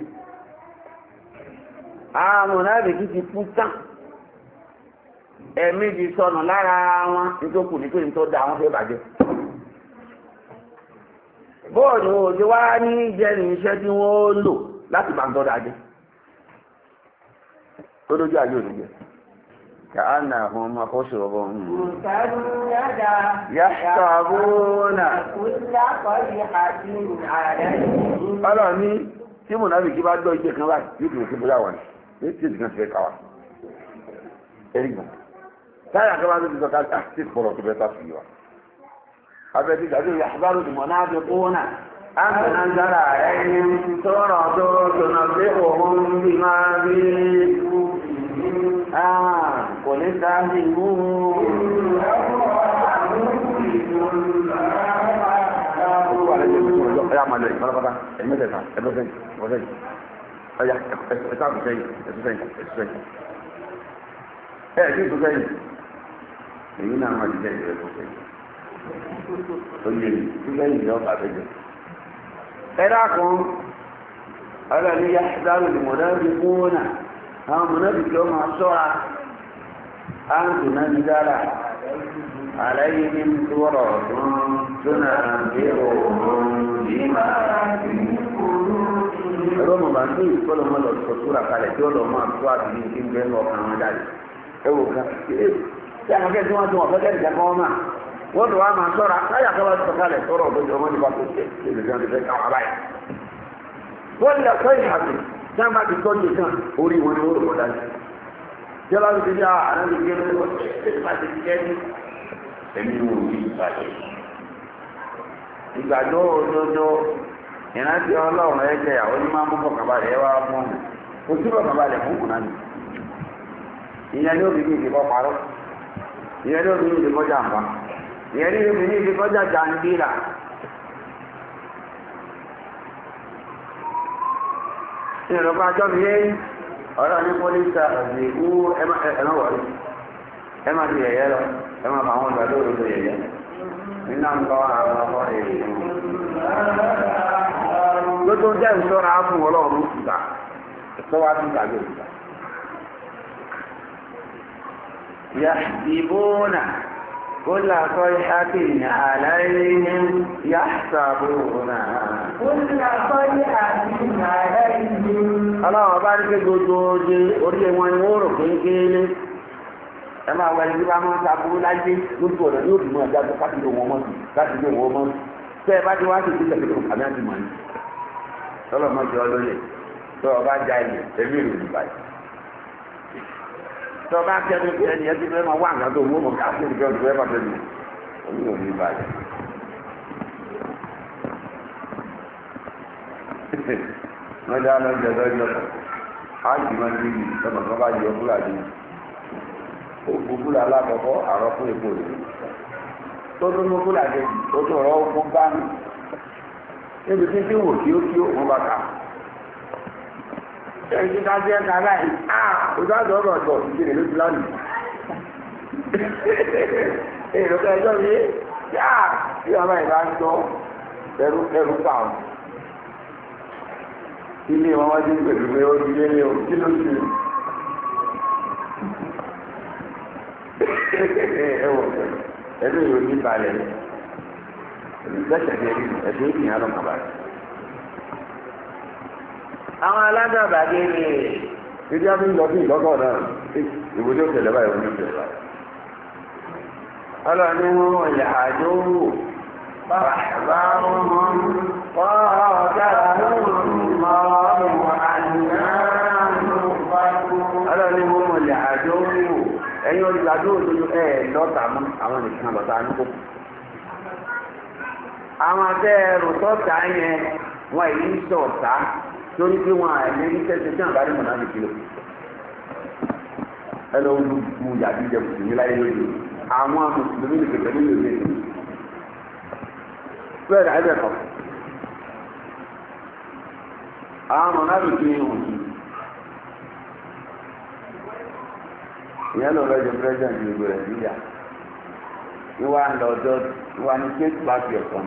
àmọ̀láàbìkì ti kú tán ẹ̀mí ti sọnù lára wọn nítòkù ní pé ní tó da wọn fẹ́ bàjẹ́ bóòlù òjò wá ní jẹ́ ní iṣẹ́ tí wọ́n lò láti bá ń tọ́da jẹ́ tó lójú àjò òdìjẹ́ kàánà àwọn ọmọ akọ́ṣọ̀rọ̀ bọ́ ń mú yàtàbónà ọlọ́ni tí mùnàbìkí bá gbọ́ ìgbé kan báyìí yóò kìí sí bóyá wà ní ní tí ìdíkan ti fẹ́ káwa ẹ̀rígbọ̀n táyà kí wọ́n á lóbi sọ káàkiri àti ìpọ̀rọ̀ tó bẹ́ẹ̀ tá fi wa. abẹ́tí ìdájọ́ ìyá àbárò ti mọ̀ náà ti kú náà. أنزل عليهم سورة تنبئهم بما في قل استهزئوا يا مالك مرحبا المدرسة المدرسة المدرسة ọ̀yà ẹ̀sùn àbùsẹ́yìn ẹ̀sùn sẹ́yìn ẹ̀sùn sẹ́yìn ẹ̀ ẹ̀sùn tó sẹ́yìn èyí náà máa jíjẹ́ ìrẹ́ tó sẹ́yìn oyè tó sẹ́yìn ni ọba àbẹ́jọ. ẹ dákun ọlọ́run ní yàtọ̀ ní mọ̀dáàbí kúnà àwọn mọ̀dáàbí kí ó máa sọ́ra áńtò náà ní dára àlàyé ní tọ́rọ̀ tó náà ń bẹ̀rù òun ní ẹ̀rọ ọmọ bá ń gbé ìfọlọ́ mọ́ lọ sọ sóra kalẹ̀ tí ọlọ́ máa tó àbí ní ti ń bẹ́ẹ̀ wọn ya ẹ wò ká ṣé àwọn akẹ́kọ̀ọ́ wọn ti wọ́n fẹ́ẹ́ kẹ́kẹ́ kọ́ wọ́n tó wá máa sọ́ra káyà kábà sọ kalẹ̀ sọ́rọ̀ ọ̀dọ́jọ́ wọn nípa tó ṣe ti wọn ìrántí ọlọ́run ẹ jẹ́ ìyàwó onye máa ń ẹ wá mú un kò sí fọkànbalẹ̀ fún kùnà ni ìyẹn ní obìnrin ìdìbò parọ́ ìyẹn ní obìnrin ìdìbò jàǹbá ìyẹn ní obìnrin ìdìbò jàǹdílà. ní ìrọ̀pá ajọ́ mi yé ọ̀rọ̀ ní pọ́lísà ẹ̀mọ́ wọ̀lú ẹ̀mọ́ ti yẹ̀yẹ́ gbogbo ń jẹ́ ìṣọ́ra fún ọlọ́run ìgbà ẹ̀kọ́ wa ti gbàgbé ìgbà. يحسبون كل ya عليهم يحسبون كل صيحة عليهم الله بارك جوجوج orí wọn ni wọ́n rò kéékèèlé ẹ máa wọ ẹni bá máa ń sàkóso láyé lójú ọ̀rẹ́ yóò dùn mọ́ ẹ̀dá tó káàkiri wọn mọ́ sí káàkiri sí tẹ́ ẹ bá ti wá sí ìdílé tọ́lọ̀ mọ́ jọ lólè tó o bá ja ilé èmi rò ní báyìí tó o bá kẹ́ni pé ẹni ẹ fẹ́ máa wá nǹkan tó wọ́n mọ̀ káàkiri ìjọ ìjọ ẹ bá fẹ́ mi èmi rò ní báyìí. wọ́n dá lọ́jọ́ lọ́jọ́ kan áàjì máa ń gbé yìí lọ́nà tó bá yọ fúlàní òkú fúlàní alákọ̀ọ́kọ́ àrọ́ fún èkó rẹ̀ tó tó mú fúlàní ó tó rọ́ bá mi níbi tí tí wò tí ó tí ó wọn bá kà ẹ ti ká sí ẹ ká láì á òjò àjọ ọ̀rọ̀ ọ̀dọ̀ ìdílé ló ti lánìí èrò kẹjọ yìí yá tí ọmọ ìlà ń ẹrú ẹrú pa ọ ilé wọn wá sí pẹ̀lú pé ó ti lé o kí ló ti ẹ wọ ẹlú ìròyìn balẹ̀ yìí. lẹ́sẹ̀dẹ̀ ẹ̀dọ́ ènìyàn lọ́mọ báyìí. àwọn alágàbàgé ń lọ sí náà báyìí wọ́n báyìí. àjò mú àwọn ní kókò. àwọn abẹ́ẹ̀rù tọ́ta yẹn wọn èyí ń sọ̀tá torí pé wọn àìlè ní tẹ́sí tí àbá rí mọ̀nà nìkìlọ̀ ẹ lọ wú mu yàtí jẹ mùsùlùmí láyé lóde àwọn mùsùlùmí pẹ̀lú bẹ́ẹ̀ àwọn mọ̀nà nìkìlọ̀ yẹn ìyẹn lọ lọ́jọ́ bá fi ọ̀sán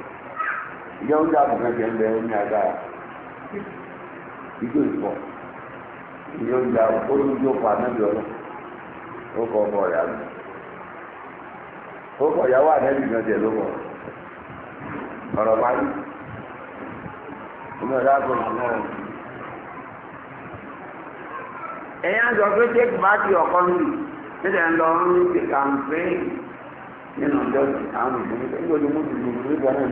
ìjọ ń dàbò kẹkẹ ń bẹ omi agbára ìjọ ìfọ ìjọ ń dàbò olùjókòó anábì ọlọ ó kọ ọkọ rẹ àná ó kọ ìyàwó anábì gan jẹ ló kọ ọ̀rọ̀ parí omi ọdá kọ ìlú náà ẹ̀yà sọ pé jake báàkì ọkọ mi tẹ́lẹ̀ ń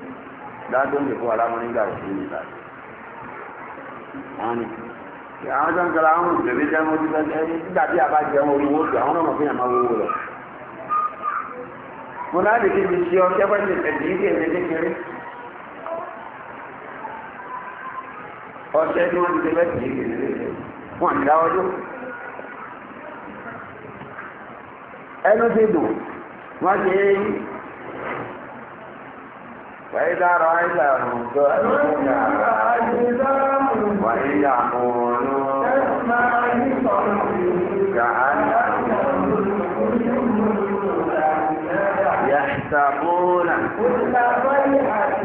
dáadọ́ ń lè kó ara wọn nígbà òfin nígbà wọn ni àwọn tó ń sọ̀rọ̀ àwọn òṣèré jẹ́ wọn títọ́ jẹ́ nígbà tí a bá jẹ́ wọn olówó tó àwọn ọmọ fún àmà owó lọ. mo láti fi mi ṣe ọṣẹ pẹ́ẹ́sì ẹ̀dì ìdí ẹ̀mí kékeré ọṣẹ tí wọ́n ti ṣe pẹ́ẹ́sì ìdí ẹ̀mí kékeré wọn àti dáwọ́ jó ẹnu ti dùn wọ́n ṣe وإذا رأيتهم تؤمنون وإن يقولون كأنهم يحسبون كل صيحة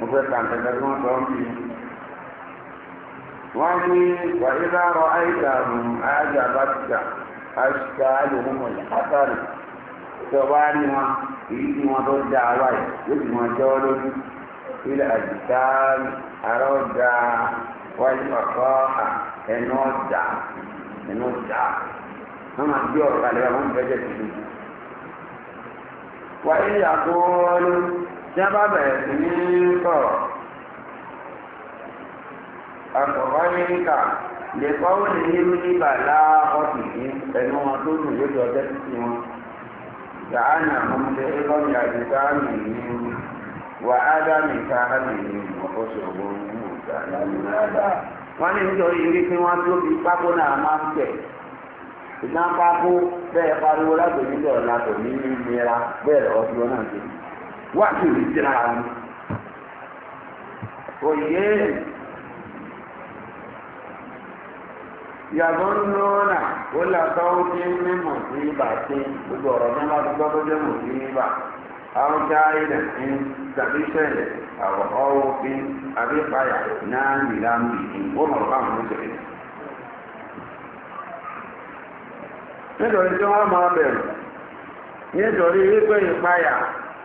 mo fẹ́ ka nǹkan kan tí wọ́n sọ ń bí wọ́n ní wà ilá rọ àìsà àrùn àjà bá ti jà àìsà àlòmọ̀ látàrí tó bá rí wọn èyí tí wọn tó dá wa yìí yóò fi wọn jọ lójú ilẹ̀ àjùtá ara ọ̀dà wáyé pàpọ̀ ẹnu ọ̀dà ẹnu ọ̀dà wọn máa gbé ọ̀rọ̀ kalẹ̀ wọn fẹ́ jẹ́ tuntun. wáyé àkóónú. tí a bá bẹ̀rẹ̀ sí ní sọ̀rọ̀ àkọ́kọ́ ní níkà lè kọ́wọ́ ní níbà ní ẹnu wọn tó dùn lójú ọjọ́ títí wọn ọmọdé àti ní wà ádámì ní wọn ní nítorí tó fi náà máa ń tẹ̀ bẹ́ẹ̀ pariwo nira bẹ́ẹ̀ lọ́wọ́ tí wọ́n náà ti rí. wá sí òní sí ara wọn. òye yàtọ̀ nùnà ó làtọ̀ ó ti ń ní mùsíbà sí gbogbo ọ̀rọ̀ náà láti gbọ́ tó jẹ́ mùsíbà àwọn tí a yẹ lẹ̀ ń tàbí sẹ́lẹ̀ àwọn ọ̀hún fi abẹ́pàyà náà nìlá ń bì í ó mọ̀ ọ́ káwọn sẹ́lẹ̀. nítorí tí wọ́n máa bẹ̀rù nítorí wípé ìpayà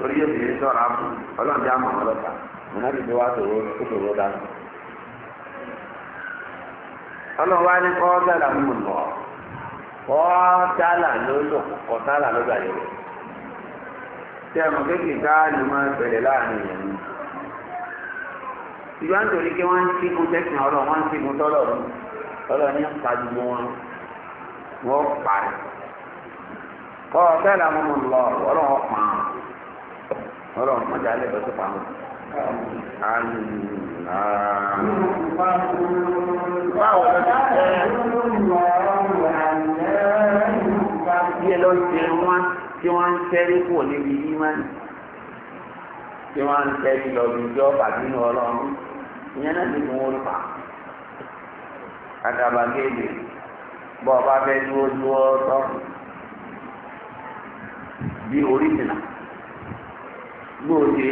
torí yóò tẹ̀lé sọ̀rọ̀ àbú ọlọ́run jẹ́ àmọ̀ ọlọ́ta mọ̀nàbí bí wàá tòrò kókòrò dáná. ọlọ́run wá ní kọ́ńtàlà mú lọ kọ́ńtàlà ló lò kọ́ńtàlà ló gbà yẹ̀wò. tí a mọ̀ kékeré káàlì máa ń bẹ̀rẹ̀ láàrin èèyàn ni. ìgbà ń torí pé wọ́n ń sígun tẹ́sán ọlọ́ wọ́n ń sígun tọ́lọ̀ ọlọ́ ní pàdùmọ́ ọlọ́run mọ́jà lẹ́bẹ̀ẹ́ tó pamọ́. báwo ló ti tẹ́ díẹ̀ ló ṣe wọ́n tí wọ́n ń tẹ́rí kò níbi ìmánì tí wọ́n ń tẹ́rí lọ bí ìjọ bàbínú ọlọ́run ìyẹn náà bí orí ti nà gbòòdì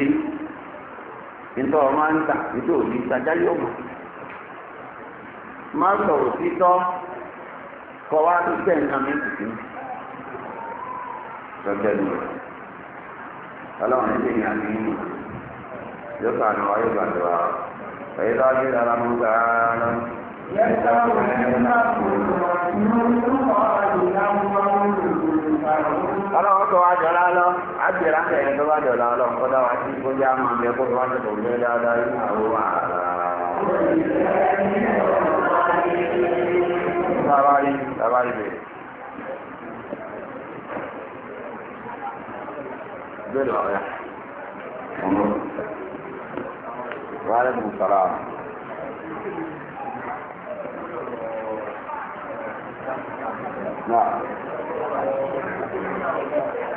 nítorí ọmọ máa ń tà nítorí òní ìtajà yóò mọ̀ máa ń sọ̀rọ̀ títọ́ kọ́ wá tó tẹ̀ nǹkan mi tuntun lọ́jọ́ ìlú rẹ̀ ní sèyí àti yìí yóò kà ní wáyé gbàdúrà èyí tó wáyé lára mú gbàrà yẹ́n sábà wọlé ní ọ̀la kò lọ́ọ́ ní ọ̀la. wá jọlá lọ àgbèrè àtẹ̀yìn tó bá jọlá lọ kọ́dá wá sí kó yá máa bẹ kó wá tẹ̀kọ̀ gbé dáadáa yìí àwọn àrà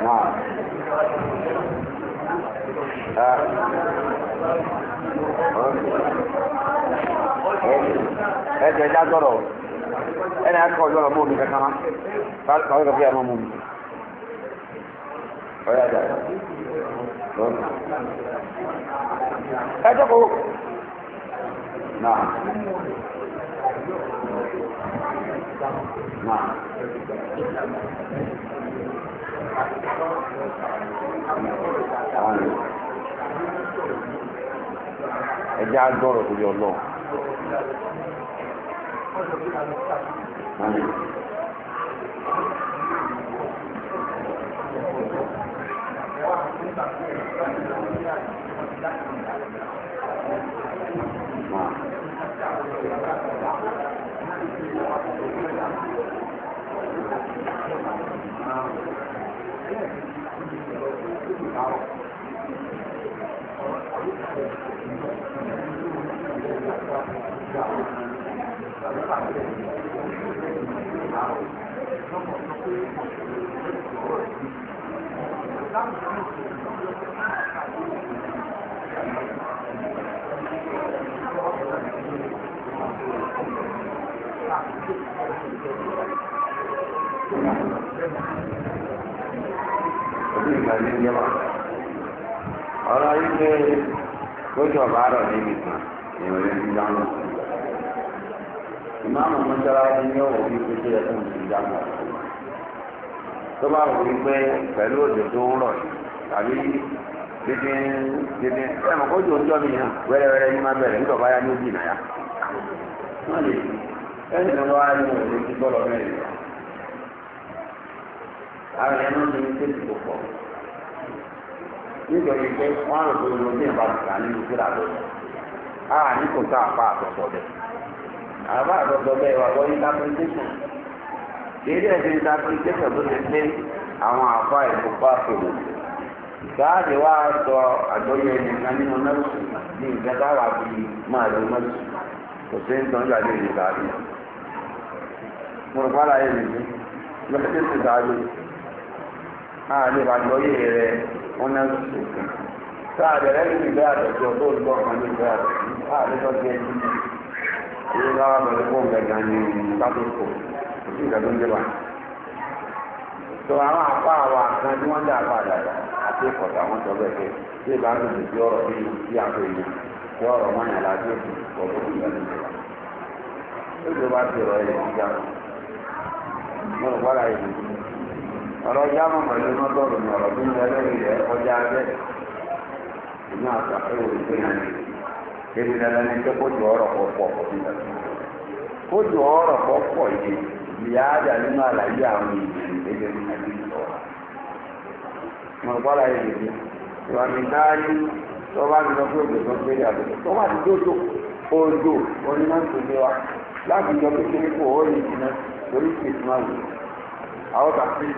ẹ̀jẹ̀ ẹ̀já gbọ́dọ̀ ẹ̀nà ẹ̀kọ́ ọjọ́ ọ̀rọ̀ mọ́ọ̀mí kankan má báwọn ọ̀rọ̀ bí ọmọ mi ọ̀yá ẹ̀já ẹ̀jẹ̀ kò náà náà ẹjẹ agbọrọ tó yọ lọ Thank you. ọ̀rọ̀ yìí pé kójú ọ̀bá rọ̀ níbi kan ìròyìn ìdáná sí ìmáàmù mọ́ṣáláṣí ala onye bí pé kí ẹkún ti dá mọ́ tó bá wù wípé pẹ̀lú tó ń rọ̀ tàbí kó jò ń jọ́ mi hàn wẹ́rẹ́wẹ́rẹ́ ní bẹ̀rẹ̀ nígbà báyá ní wọ́n lè ẹni tó wá ní òde tí mẹ́rin àwọn ẹni ní tẹ́sí tó pọ̀ nítorí pé wọ́n rò pé lọ́wọ́ àbá àtọ̀tọ̀ bẹ́ẹ̀ wà bọ́ interpretation kéde ẹ̀sìn interpretation tó ti pé àwọn àfa ìfúnpá sòrò gáàdì wa sọ àjọyọ̀ ẹnìkan nínú mẹ́rùsùn ní nǹkan táwa fi máa lo mẹ́rùsùn kò sí ń tán ìgbàdé ìlú gáàdì mo rò pàdà yẹn nìyí lọ́sẹ̀ ti dáadé àlè àjọyọ̀ rẹ̀ wọn náà sòrò sáà bẹ̀rẹ̀ ní ìgbé àtọ̀tọ̀ tó ń bọ̀ kan ní ìgbé àtọ̀tọ̀ àlè tó ti ẹni ilé lára bẹ̀rẹ̀ pọ̀ gàgà ní ìgbàdókò kò sí ìgbà ndị ń débà. tó àwọn apá àwọn àkan tí wọ́n dá apá dị ndị ọrụ ndị èmi dandan ní pé kó ju ọ̀rọ̀ kọ pọ̀ sí ìlànà kó ju ọ̀rọ̀ kọ pọ̀ yìí ìyá àjà nínú àlàyé àwọn èèyàn ìgbésẹ̀ ní àti ìṣọ̀rọ̀ mo rò pọ́lá yìí lè ìwà mi náà ní tó bá mi lọ pé òjò tó ń gbé yàgò tó wà ní dòdò òjò onímọ̀tòlé wa láti jọ kékeré kó o yìí jìnnà lórí kìtìmáwò àwọn tàbí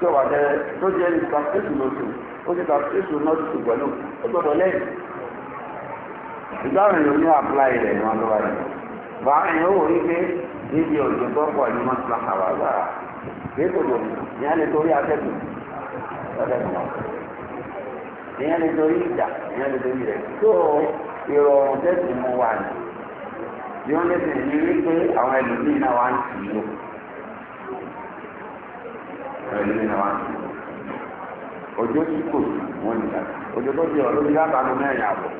tó wà jẹ tó jẹ ìtàkùn ètò lóṣù ó ti tàkùn ètò náà tó gbẹ̀lú ó gbọ́dọ̀ lẹ́yìn ìgbàwọn èèyàn ní àpláì rẹ̀ ní wọn lọ́wọ́ rẹ̀ bá àwọn èèyàn wò wípé níbi òjò tó pọ̀ ní wọn tún àwà gbà lẹ́tọ̀dọ̀ ìyẹn lè torí atẹ́gùn lọ́dẹ̀kùn ìyẹn lè torí ìjà ìyẹn lè torí rẹ̀ tó ìrọ̀rùn tẹ́sí mú wà ní bí wọ́n lẹ́sìn ní wípé àwọn ẹlòmíì náà wá ń tì í lò ẹlòmíì náà wá ń tì í lò òjò tí kò sí wọn nìkan òjò tó di ọ̀rọ̀ lórí lábàánú mẹ́rin àbọ̀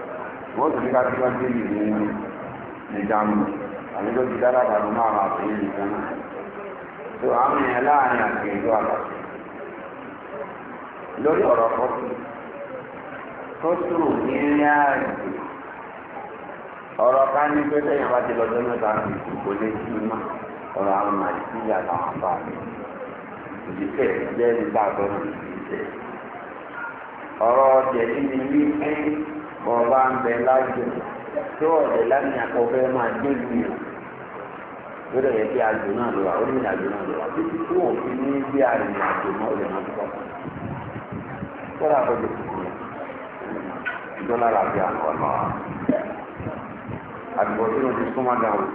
wọ́n ti ká tí wọ́n dé ìlú ní dámù àmì tó ti dára dànù máa máa fi ìlú kan náà tó àmì yẹn láàrin àti ìlú àbàtì lórí ọ̀rọ̀ kọ́tù kọ́tù ní ilé ààrẹ ọ̀rọ̀ ká ní pé sẹ́yìn bá ti lọ́jọ́ mẹ́ta fi ìkókó lé sí iná ọ̀rọ̀ àwọn màìsí àtàwọn àbá mi ìdíkẹ́ jẹ́ nígbà tó ìdíkẹ́ ọ̀rọ̀ ọ̀jẹ̀ nínú ilé ọba ń bẹ lájọ tí ọ̀rẹ́ lámì àkọ́fẹ́ máa dé lu yìí lórí ẹ̀yẹ bí àjò náà lọ wá orí ìrìnàjò náà lọ wá títí tí wọ́n fi ní bí arìnrìnàjò náà lè máa tó kọ́ kọ́lá àkọ́jọ tuntun yẹn dọ́là làbí àwọn ọ̀nà wa àdìbò tí wọ́n ti súnmọ́ dáhùn.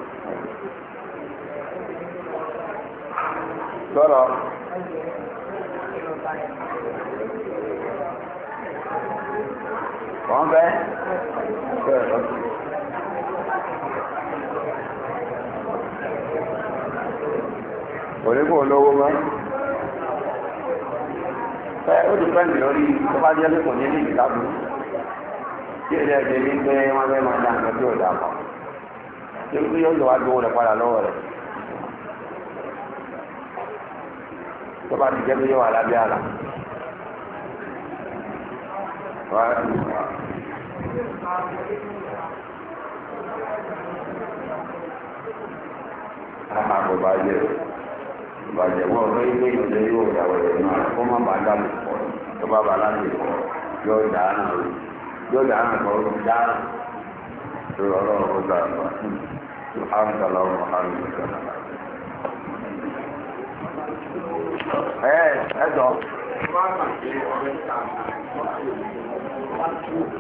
sọ̀rọ̀. Wọ́n bẹ́ onígbò olówó mọ́. Ẹ ó ti pẹ́ mi lórí tó bá jẹ́ lẹ́kọ̀ọ́ ní ilé ìdábò. Tí èdè ẹ̀jẹ̀ ní pé wọ́n fẹ́ máa dá nǹkan tí ò dà mọ́. Ṣé bí yóò lọ wá gbowó rẹ̀ padà lọ́wọ́ rẹ̀? Tó bá ti jẹ́ pé yóò wà lábẹ́ àlà. Aha bá jẹ bá wọ́n fẹ́ gbé ìdílé yóò dá wẹ̀rẹ̀ náà kó má bàa dá mi pọ̀ tó bá bàa láti pọ̀ yóò dá náà yóò dá náà kọ́ ló dá tó lọ́rọ́ ó dá náà tó á ń tọ́lọ́ ọmọ á ń tọ́lọ́ ọmọ. Ẹ ẹ jọ. Anzug.